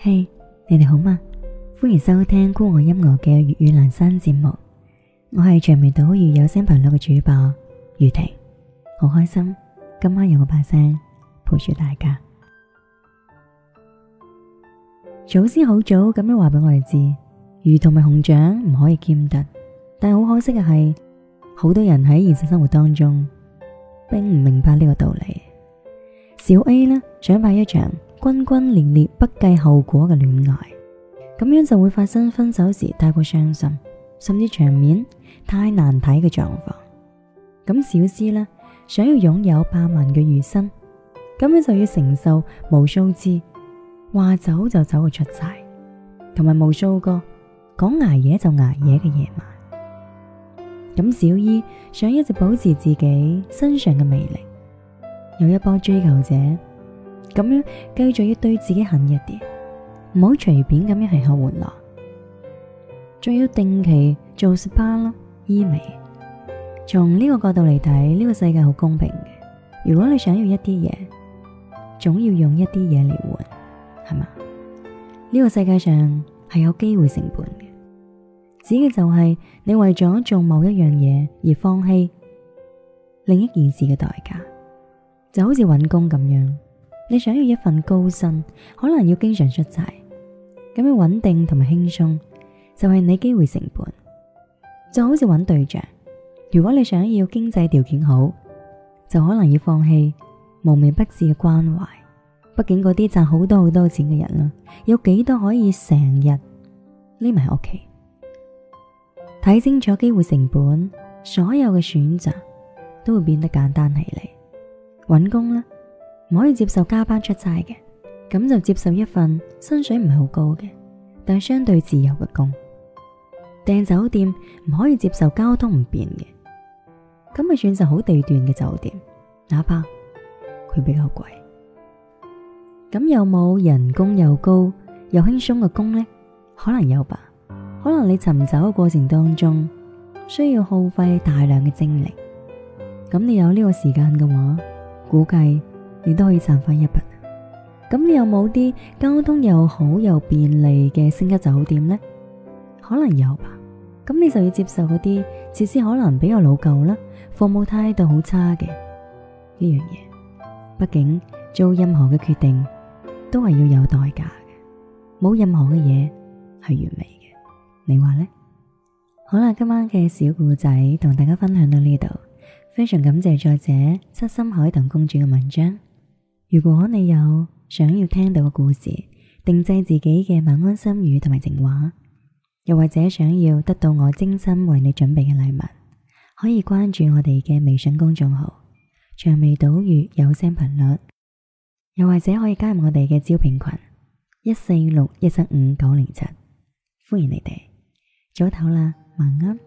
嘿，hey, 你哋好嗎？歡迎收聽酷我音樂嘅粵語南山節目，我係長尾島語有聲頻率嘅主播宇婷，好開心今晚有我把聲陪住大家。祖先好早咁樣話俾我哋知，魚同埋熊掌唔可以兼得，但係好可惜嘅係，好多人喺現實生活當中並唔明白呢個道理。小 A 呢，獎牌一場。轟轟烈烈、不計後果嘅戀愛，咁樣就會發生分手時太過傷心，甚至場面太難睇嘅狀況。咁小詩呢，想要擁有百萬嘅餘生，咁樣就要承受無數次話走就走嘅出差，同埋無數個講挨夜就挨夜嘅夜晚。咁小姨想一直保持自己身上嘅魅力，有一波追求者。咁樣繼續要對自己狠一啲，唔好隨便咁樣係學玩樂，仲要定期做 spa 啦，醫美。從呢個角度嚟睇，呢個世界好公平嘅。如果你想要一啲嘢，總要用一啲嘢嚟換，係嘛？呢個世界上係有機會成本嘅，指嘅就係你為咗做某一樣嘢而放棄另一件事嘅代價，就好似揾工咁樣。你想要一份高薪，可能要經常出差，咁樣穩定同埋輕鬆就係、是、你機會成本，就好似揾對象。如果你想要經濟條件好，就可能要放棄無微不至嘅關懷。畢竟嗰啲賺好多好多錢嘅人啦，有幾多可以成日匿埋屋企？睇清楚機會成本，所有嘅選擇都會變得簡單起嚟。揾工啦。唔可以接受加班出差嘅，咁就接受一份薪水唔係好高嘅，但係相對自由嘅工。訂酒店唔可以接受交通唔便嘅，咁咪選擇好地段嘅酒店，哪怕佢比較貴。咁有冇人工又高又輕鬆嘅工呢？可能有吧。可能你尋找嘅過程當中需要耗費大量嘅精力。咁你有呢個時間嘅話，估計。你都可以賺翻一筆，咁你有冇啲交通又好又便利嘅星級酒店呢？可能有吧。咁你就要接受嗰啲設施可能比較老舊啦，服務態度好差嘅呢樣嘢。畢、這個、竟做任何嘅決定都係要有代價嘅，冇任何嘅嘢係完美嘅。你話呢？好啦，今晚嘅小故仔同大家分享到呢度，非常感謝作者七心海棠公主嘅文章。如果你有想要聽到嘅故事，定製自己嘅晚安心語同埋情話，又或者想要得到我精心為你準備嘅禮物，可以關注我哋嘅微信公眾號《薔薇島嶼有聲頻率》，又或者可以加入我哋嘅招聘群一四六一七五九零七，歡迎你哋早唞啦，晚安。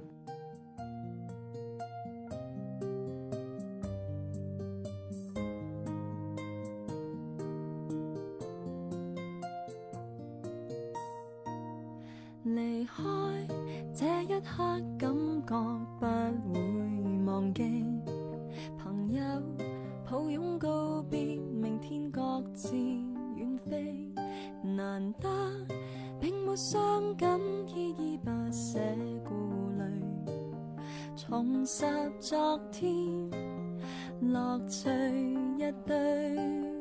離開這一刻感覺不會忘記，朋友抱擁告別，明天各自遠飛。難得並沒傷感依依不捨，顧慮重拾昨天樂趣一堆。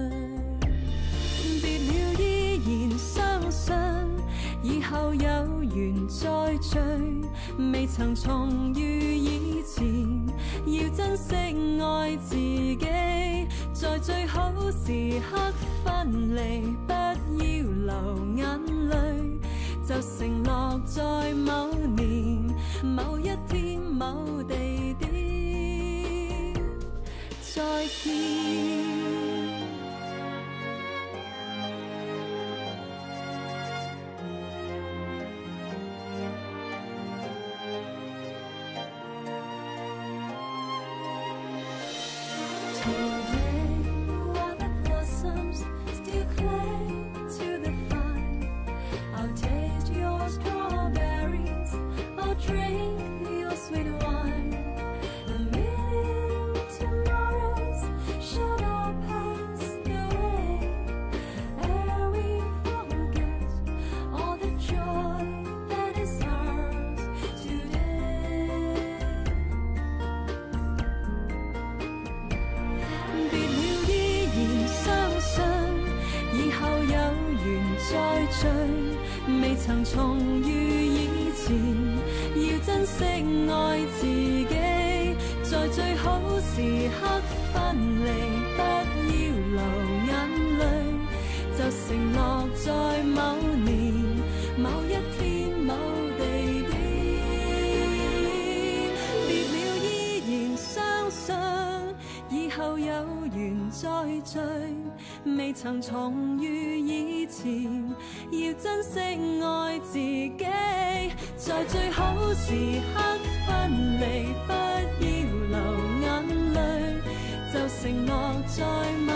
再聚，未曾重遇以前，要珍惜愛自己，在最好時刻分離。未曾重遇以前，要珍惜愛自己，在最好時刻分離。就有緣再聚，未曾重遇以前，要珍惜愛自己，在最好時刻分離，不要流眼淚，就承諾在。